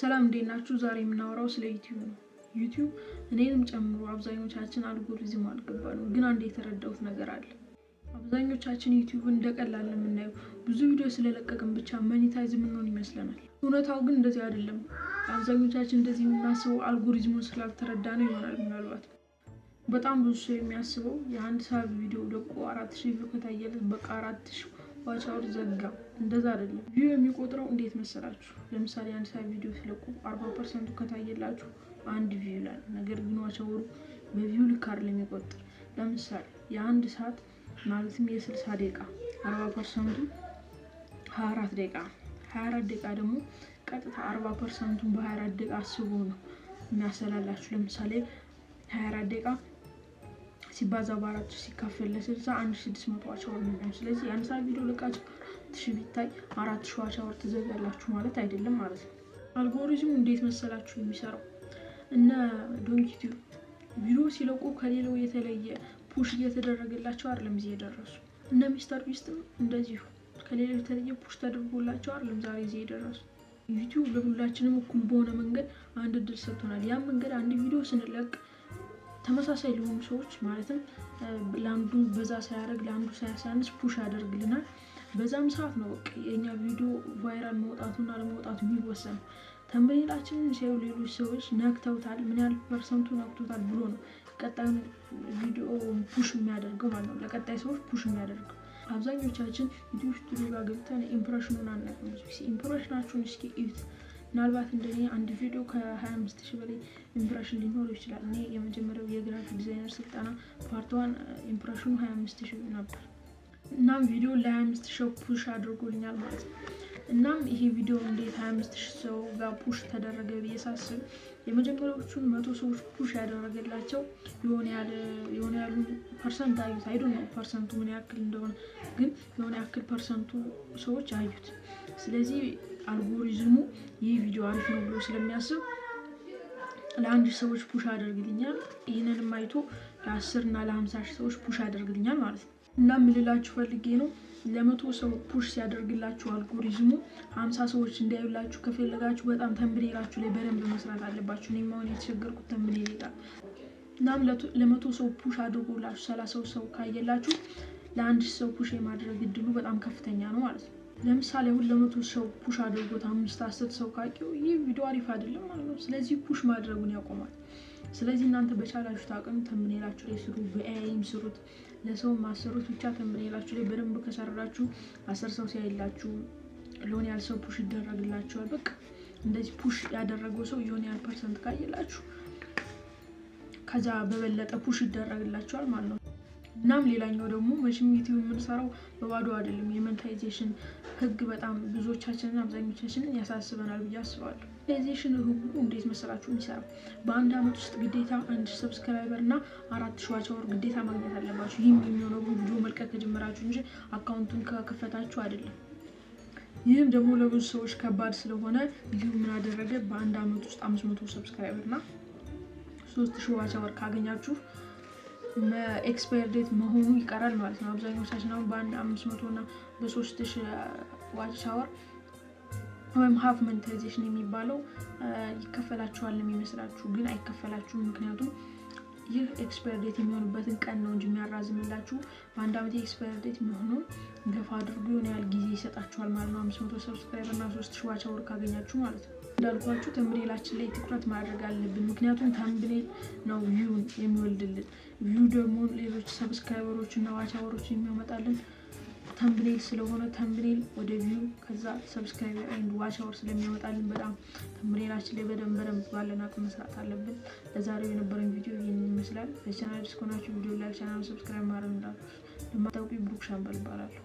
ሰላም እንዴት ናችሁ? ዛሬ የምናወራው ስለ ዩቲዩብ ነው። ዩቲዩብ እኔንም ጨምሮ አብዛኞቻችን አልጎሪዝም አልገባንም፣ ግን አንድ የተረዳሁት ነገር አለ። አብዛኞቻችን ዩቲዩብ እንደቀላል የምናየው ብዙ ቪዲዮ ስለለቀቅን ብቻ መኔታይዝ የምንሆን ይመስለናል። እውነታው ግን እንደዚህ አይደለም። አብዛኞቻችን እንደዚህ የምናስበው አልጎሪዝሙን ስላልተረዳ ነው ይሆናል። ምናልባት በጣም ብዙ ሰው የሚያስበው የአንድ ሰዓት ቪዲዮ ደቆ አራት ሺህ ቪው ከታየለት በቃ አራት ሺህ ባቻውድ ዘጋው። እንደዛ አይደለም። ቪው የሚቆጥረው እንዴት መሰላችሁ? ለምሳሌ አንድ ሰ ቪዲዮ ስለቁ አርባ ፐርሰንቱ ከታየላችሁ አንድ ቪዩ ይላል። ነገር ግን ባቻውሩ በቪዩ ልክ አይደለም የሚቆጥር። ለምሳሌ የአንድ ሰዓት ማለትም የስልሳ ደቂቃ አርባ ፐርሰንቱ ሀያ አራት ደቂቃ ነው። ሀያ አራት ደቂቃ ደግሞ ቀጥታ አርባ ፐርሰንቱን በሀያ አራት ደቂቃ አስቦ ነው የሚያሰላላችሁ። ለምሳሌ ሀያ አራት ደቂቃ ሲባዛ በአራት ሲካፈል ለስልሳ አንድ ሺህ ስድስት መቶ አቻወር ነው። ስለዚህ የአንድ ሰዓት ቪዲዮ ልቃችሁ አራት ሺህ ቢታይ አራት ሺህ አቻወር ትዘጋላችሁ ማለት አይደለም ማለት ነው። አልጎሪዝሙ እንዴት መሰላችሁ የሚሰራው እነ ዶንኪቱ ቪዲዮ ሲለቁ ከሌላው የተለየ ፑሽ እየተደረገላቸው አይደለም እዚህ የደረሱ። እነ ሚስተር ቢስትም እንደዚሁ ከሌለው የተለየ ፑሽ ተደርጎላቸው አይደለም ዛሬ እዚህ የደረሱ። ዩቲዩብ ለሁላችንም እኩል በሆነ መንገድ አንድ እድል ሰጥቶናል። ያም መንገድ አንድ ቪዲዮ ስንለቅ ተመሳሳይ ለሆኑ ሰዎች ማለትም ለአንዱ በዛ ሳያደርግ ለአንዱ ሳያሳንስ ፑሽ ያደርግልናል። በዛም ሰዓት ነው በቃ የእኛ ቪዲዮ ቫይራል መውጣቱና ለመውጣቱ የሚወሰን። ተንበኝታችንን ሲያዩ ሌሎች ሰዎች ነክተውታል፣ ምን ያህል ፐርሰንቱ ነክቶታል ብሎ ነው ቀጣዩን ቪዲዮ ፑሽ የሚያደርገው ማለት ነው። ለቀጣይ ሰዎች ፑሽ የሚያደርገው አብዛኞቻችን ዩቲዩብ ስቱዲዮ ጋር ገብተን ኢምፕሬሽኑን አናውቅም። ኢምፕሬሽናችሁን እስኪ እዩት። ምናልባት እንደኔ አንድ ቪዲዮ ከ25 ሺህ በላይ ኢምፕሬሽን ሊኖረው ይችላል። እኔ የመጀመሪያው የግራፊክ ዲዛይነር ስልጠና ዋን ኢምፕሬሽኑ 25 ሺህ ነበር። እናም ቪዲዮ ለ25 ሺህ ፑሽ አድርጎልኛል ማለት ነው። እናም ይሄ ቪዲዮ እንዴት 25 ሺህ ሰው ጋር ፑሽ ተደረገ ብዬ ሳስብ የመጀመሪያዎቹን መቶ ሰዎች ፑሽ ያደረገላቸው የሆነ ያሉ ፐርሰንት አዩት። አይዶ ነው ፐርሰንቱ ምን ያክል እንደሆነ ግን የሆነ ያክል ፐርሰንቱ ሰዎች አዩት። ስለዚህ አልጎሪዝሙ ይህ ቪዲዮ አሪፍ ነው ብሎ ስለሚያስብ ለአንድ ሺህ ሰዎች ፑሽ አደርግልኛል። ይህንንም አይቶ ለአስር እና ለሀምሳ ሺህ ሰዎች ፑሽ አደርግልኛል ማለት ነው። እና የምልላችሁ ፈልጌ ነው ለመቶ ሰው ፑሽ ሲያደርግላችሁ አልጎሪዝሙ ሀምሳ ሰዎች እንዲያዩላችሁ ከፈለጋችሁ በጣም ተንብሌላችሁ ላይ በደንብ መስራት አለባችሁ። እኔም አሁን የተቸገርኩት ተንብሌ ይላል። እናም ለመቶ ሰው ፑሽ አድርጎላችሁ ሰላሳው ሰው ካየላችሁ ለአንድ ሰው ፑሽ የማድረግ እድሉ በጣም ከፍተኛ ነው ማለት ነው። ለምሳሌ አሁን ለመቶ ሰው ፑሽ አድርጎት አምስት አስር ሰው ካቂው ይህ ቪዲዮ አሪፍ አይደለም ማለት ነው። ስለዚህ ፑሽ ማድረጉን ያቆማል። ስለዚህ እናንተ በቻላችሁት አቅም ተምኔላችሁ ላይ ስሩ፣ በኤአይም ስሩት፣ ለሰው ማሰሩት ብቻ ተምኔላችሁ ላይ በደንብ ከሰራችሁ አስር ሰው ሲያይላችሁ ለሆነ ያል ሰው ፑሽ ይደረግላችኋል። በቃ እንደዚህ ፑሽ ያደረገው ሰው የሆነ ያል ፐርሰንት ካየላችሁ ከዛ በበለጠ ፑሽ ይደረግላችኋል ማለት ነው። እናም ሌላኛው ደግሞ መቼም ዩቲዩብ የምንሰራው በባዶ አይደለም የመንታይዜሽን ህግ በጣም ብዙዎቻችንን አብዛኞቻችንን ያሳስበናል ብዬ አስባለሁ። ሞኔታይዜሽን ህጉ እንዴት መሰላችሁ የሚሰራው? በአንድ አመት ውስጥ ግዴታ አንድ ሰብስክራይበር እና አራት ሺህ ግዴታ ማግኘት አለባችሁ። ይህም የሚሆነው ቪዲዮ መልቀቅ ከጀመራችሁ እንጂ አካውንቱን ከከፈታችሁ አይደለም። ይህም ደግሞ ለብዙ ሰዎች ከባድ ስለሆነ ይህ ምን አደረገ? በአንድ አመት ውስጥ አምስት መቶ ሰብስክራይበር እና ሶስት ሺህ ካገኛችሁ ኤክስፓየር ዴት መሆኑ ይቀራል ማለት ነው። አብዛኞቻችን አሁን በአንድ አምስት መቶ እና በሶስት ሺ ዋች ሻወር ወይም ሀፍ መንታይዜሽን የሚባለው ይከፈላችኋል የሚመስላችሁ ግን አይከፈላችሁም። ምክንያቱም ይህ ኤክስፓየር ዴት የሚሆንበትን ቀን ነው እንጂ የሚያራዝምላችሁ በአንድ ዓመት ኤክስፓየር ዴት የሚሆነው ገፋ አድርጎ የሆነ ያህል ጊዜ ይሰጣችኋል ማለት ነው። አምስት መቶ ሰብስክራይበር እና ሶስት ሺህ ዋች አወር ካገኛችሁ ማለት ነው። እንዳልኳችሁ ተምብኔላችን ላይ ትኩረት ማድረግ አለብን። ምክንያቱም ተምብኔል ነው ቪውን የሚወልድልን። ቪው ደግሞ ሌሎች ሰብስክራይበሮች እና ዋች አወሮች የሚያመጣልን ተምብኔል ስለሆነ ተምብኔል ወደ ቪው ከዛ ሰብስክራይብ አንድ ዋች አወር ስለሚያወጣልን በጣም ተምብኔላችን ላይ በደንብ በደንብ ባለን አቅም መስራት አለብን። ለዛሬው የነበረን ቪዲዮ ይህን ይመስላል። ለቻናል ዲስኮናችሁ ቪዲዮ ላይ ቻናል ሰብስክራይብ ማድረግ እንዳሉ ለማታውቁ ብሩክ ሻምበል ይባላለሁ።